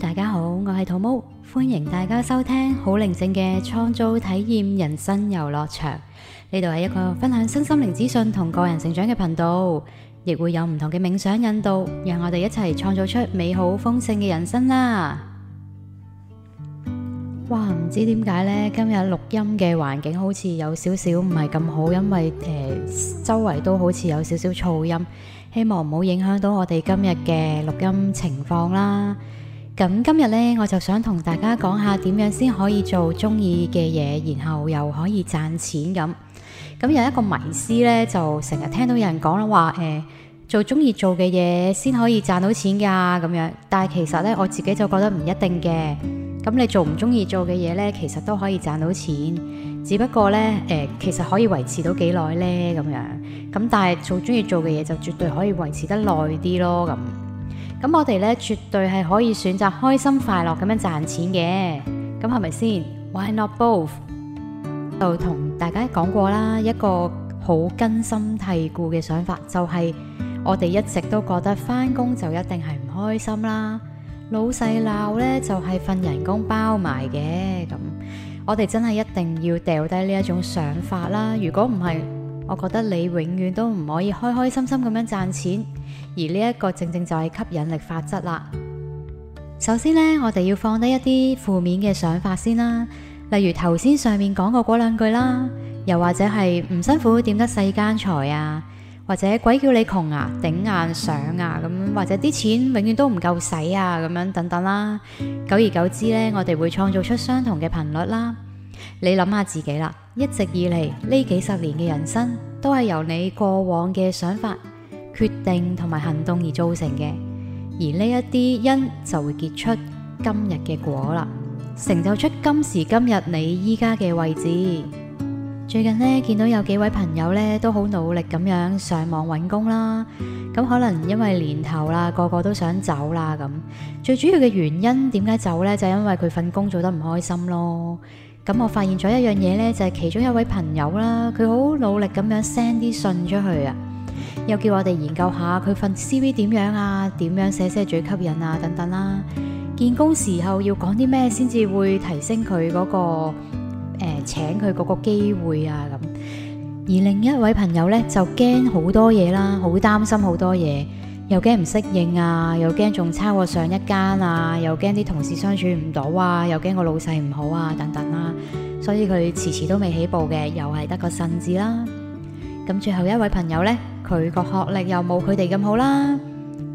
大家好，我係土貓，歡迎大家收聽好寧靜嘅創造體驗人生遊樂場。呢度係一個分享身心靈資訊同個人成長嘅頻道，亦會有唔同嘅冥想引導，讓我哋一齊創造出美好豐盛嘅人生啦。哇，唔知點解咧，今日錄音嘅環境好似有少少唔係咁好，因為誒、呃、周圍都好似有少少噪音，希望唔好影響到我哋今日嘅錄音情況啦。咁今日咧，我就想同大家講下點樣先可以做中意嘅嘢，然後又可以賺錢咁。咁有一個迷思咧，就成日聽到有人講話，誒、欸，做中意做嘅嘢先可以賺到錢噶咁、啊、樣。但係其實咧，我自己就覺得唔一定嘅。咁你做唔中意做嘅嘢咧，其實都可以賺到錢，只不過咧，誒、欸，其實可以維持到幾耐咧？咁樣。咁但係做中意做嘅嘢就絕對可以維持得耐啲咯咁。咁我哋咧，絕對係可以選擇開心快樂咁樣賺錢嘅，咁係咪先？Why not both？就同大家講過啦，一個好根深蒂固嘅想法，就係我哋一直都覺得返工就一定係唔開心啦，老細鬧咧就係份人工包埋嘅。咁我哋真係一定要掉低呢一種想法啦。如果唔係，我覺得你永遠都唔可以開開心心咁樣賺錢，而呢一個正正就係吸引力法則啦。首先呢，我哋要放低一啲負面嘅想法先啦，例如頭先上面講過嗰兩句啦，又或者係唔辛苦點得世間財啊，或者鬼叫你窮啊，頂硬上啊咁，或者啲錢永遠都唔夠使啊咁樣等等啦。久而久之呢，我哋會創造出相同嘅頻率啦。你諗下自己啦，一直以嚟呢幾十年嘅人生都係由你過往嘅想法、決定同埋行動而造成嘅。而呢一啲因就會結出今日嘅果啦，成就出今時今日你依家嘅位置。最近呢，見到有幾位朋友咧都好努力咁樣上網搵工啦，咁可能因為年頭啦，個個都想走啦咁。最主要嘅原因點解走呢？就係因為佢份工做得唔開心咯。咁我發現咗一樣嘢咧，就係其中一位朋友啦，佢好努力咁樣 send 啲信出去啊，又叫我哋研究下佢份 C.V 點樣啊，點樣寫先係最吸引啊，等等啦。見工時候要講啲咩先至會提升佢嗰個誒請佢嗰個機會啊咁。而另一位朋友咧就驚好多嘢啦，好擔心好多嘢，又驚唔適應啊，又驚仲差過上一間啊，又驚啲同事相處唔到啊，又驚個老細唔好啊，等等啊。所以佢遲遲都未起步嘅，又係得個信字啦。咁最後一位朋友呢，佢個學歷又冇佢哋咁好啦，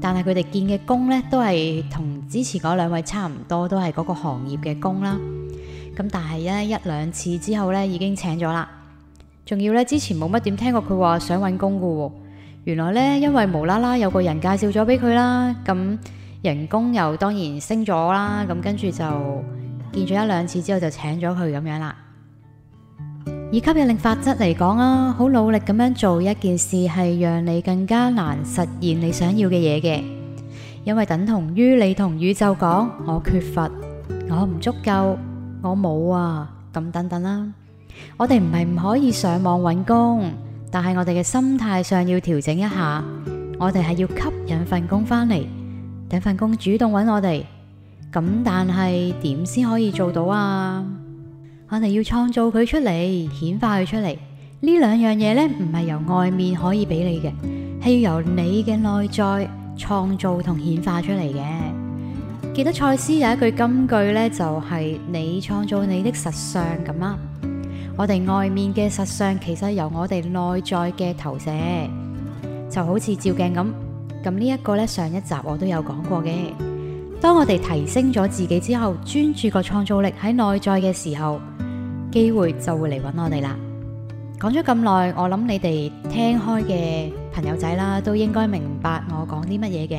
但係佢哋見嘅工呢，都係同之前嗰兩位差唔多，都係嗰個行業嘅工啦。咁但係呢一兩次之後呢，已經請咗啦。仲要呢，之前冇乜點聽過佢話想搵工㗎喎。原來呢，因為無啦啦有個人介紹咗俾佢啦，咁人工又當然升咗啦。咁跟住就。見咗一兩次之後就請咗佢咁樣啦。以吸引力法則嚟講啊，好努力咁樣做一件事係讓你更加難實現你想要嘅嘢嘅，因為等同於你同宇宙講，我缺乏，我唔足夠，我冇啊，咁等等啦。我哋唔係唔可以上網搵工，但係我哋嘅心態上要調整一下，我哋係要吸引份工翻嚟，等份工主動搵我哋。咁但係點先可以做到啊？我哋要創造佢出嚟，顯化佢出嚟。呢兩樣嘢咧，唔係由外面可以俾你嘅，係要由你嘅內在創造同顯化出嚟嘅。記得賽斯有一句金句咧，就係你創造你的實相咁啊！我哋外面嘅實相，其實由我哋內在嘅投射，就好似照鏡咁。咁呢一個咧，上一集我都有講過嘅。當我哋提升咗自己之後，專注個創造力喺內在嘅時候，機會就會嚟搵我哋啦。講咗咁耐，我諗你哋聽開嘅朋友仔啦，都應該明白我講啲乜嘢嘅，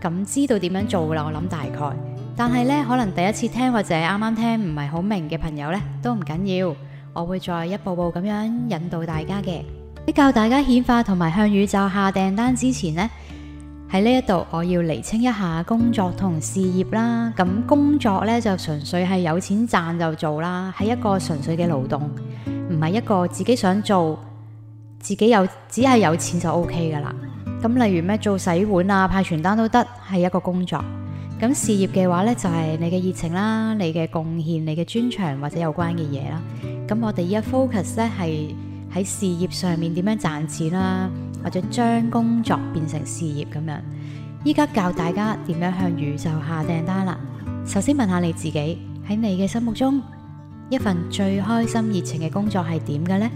咁知道點樣做啦。我諗大概，但係呢，可能第一次聽或者啱啱聽唔係好明嘅朋友呢，都唔緊要，我會再一步步咁樣引導大家嘅。喺教大家顯化同埋向宇宙下訂單之前呢，喺呢一度，我要釐清一下工作同事業啦。咁工作咧，就純粹係有錢賺就做啦，係一個純粹嘅勞動，唔係一個自己想做，自己有只係有錢就 O K 噶啦。咁例如咩做洗碗啊、派傳單都得，係一個工作。咁事業嘅話咧，就係、是、你嘅熱情啦、你嘅貢獻、你嘅專長或者有關嘅嘢啦。咁我哋依家 focus 咧係喺事業上面點樣賺錢啦、啊。或者將工作變成事業咁樣，依家教大家點樣向宇宙下訂單啦。首先問下你自己，喺你嘅心目中一份最開心、熱情嘅工作係點嘅呢？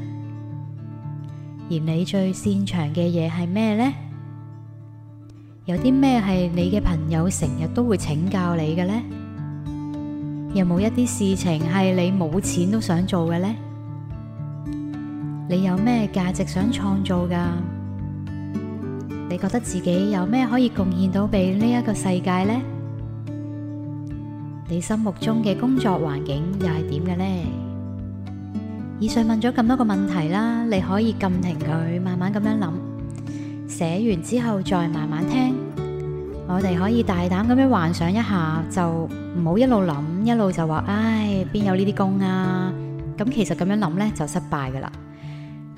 而你最擅長嘅嘢係咩呢？有啲咩係你嘅朋友成日都會請教你嘅呢？有冇一啲事情係你冇錢都想做嘅呢？你有咩價值想創造噶？你覺得自己有咩可以貢獻到俾呢一個世界呢？你心目中嘅工作環境又係點嘅呢？以上問咗咁多個問題啦，你可以撳停佢，慢慢咁樣諗，寫完之後再慢慢聽。我哋可以大膽咁樣幻想一下，就唔好一路諗一路就話，唉，邊有呢啲工啊？咁其實咁樣諗咧就失敗噶啦。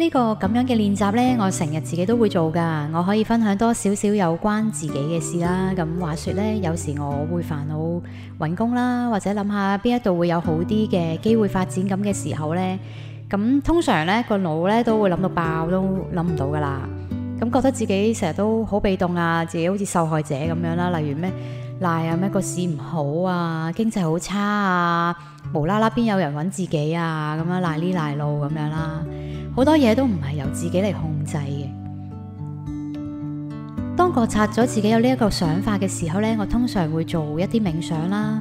呢個咁樣嘅練習呢，我成日自己都會做噶。我可以分享多少少有關自己嘅事啦。咁話説呢，有時我會煩惱揾工啦，或者諗下邊一度會有好啲嘅機會發展咁嘅時候呢。咁通常呢個腦呢，都會諗到爆都到，都諗唔到噶啦。咁覺得自己成日都好被動啊，自己好似受害者咁樣啦。例如咩賴啊，咩個市唔好啊，經濟好差啊，無啦啦邊有人揾自己啊，咁樣賴呢賴路咁樣啦。好多嘢都唔係由自己嚟，控制嘅。當覺察咗自己有呢一個想法嘅時候呢，我通常會做一啲冥想啦，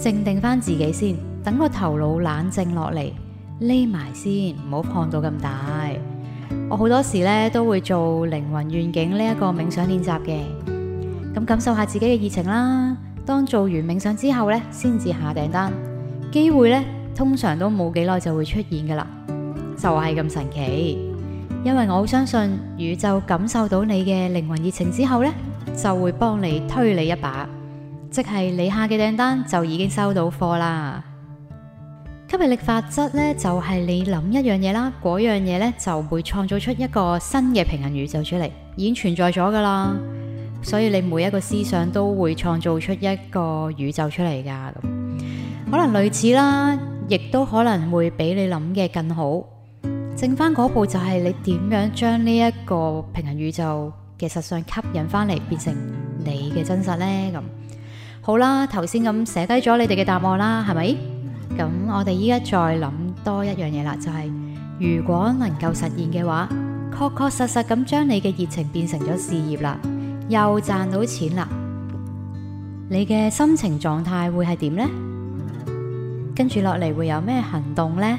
靜定翻自己先，等個頭腦冷靜落嚟，匿埋先，唔好放到咁大。我好多時呢都會做靈魂願景呢一個冥想練習嘅，咁感受下自己嘅熱情啦。當做完冥想之後呢，先至下訂單，機會呢通常都冇幾耐就會出現噶啦。就係咁神奇，因為我好相信宇宙感受到你嘅靈魂熱情之後呢，就會幫你推你一把，即係你下嘅訂單就已經收到貨啦。吸引力法則呢，就係你諗一樣嘢啦，嗰樣嘢呢，就會創造出一個新嘅平行宇宙出嚟，已經存在咗噶啦。所以你每一個思想都會創造出一個宇宙出嚟噶，可能類似啦，亦都可能會比你諗嘅更好。剩翻嗰步就係你點樣將呢一個平行宇宙嘅實相吸引翻嚟，變成你嘅真實咧？咁好啦，頭先咁寫低咗你哋嘅答案啦，係咪？咁我哋依家再諗多一樣嘢啦，就係如果能夠實現嘅話，確確實實咁將你嘅熱情變成咗事業啦，又賺到錢啦，你嘅心情狀態會係點咧？跟住落嚟會有咩行動咧？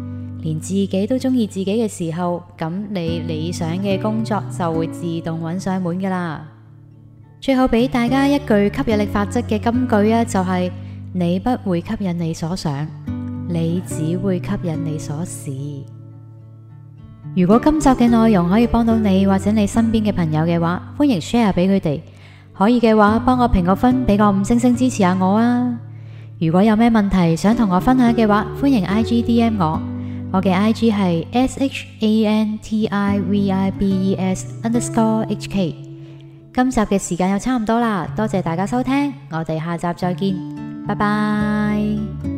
連自己都中意自己嘅時候，咁你理想嘅工作就會自動揾上門噶啦。最後俾大家一句吸引力法則嘅金句啊，就係、是：你不會吸引你所想，你只會吸引你所是。如果今集嘅內容可以幫到你或者你身邊嘅朋友嘅話，歡迎 share 俾佢哋。可以嘅話，幫我評個分，俾個五星星支持下我啊！如果有咩問題想同我分享嘅話，歡迎 I G D M 我。我嘅 I G 係 S H A N T I V I B E S underscore H K。今集嘅時間又差唔多啦，多謝大家收聽，我哋下集再見，拜拜。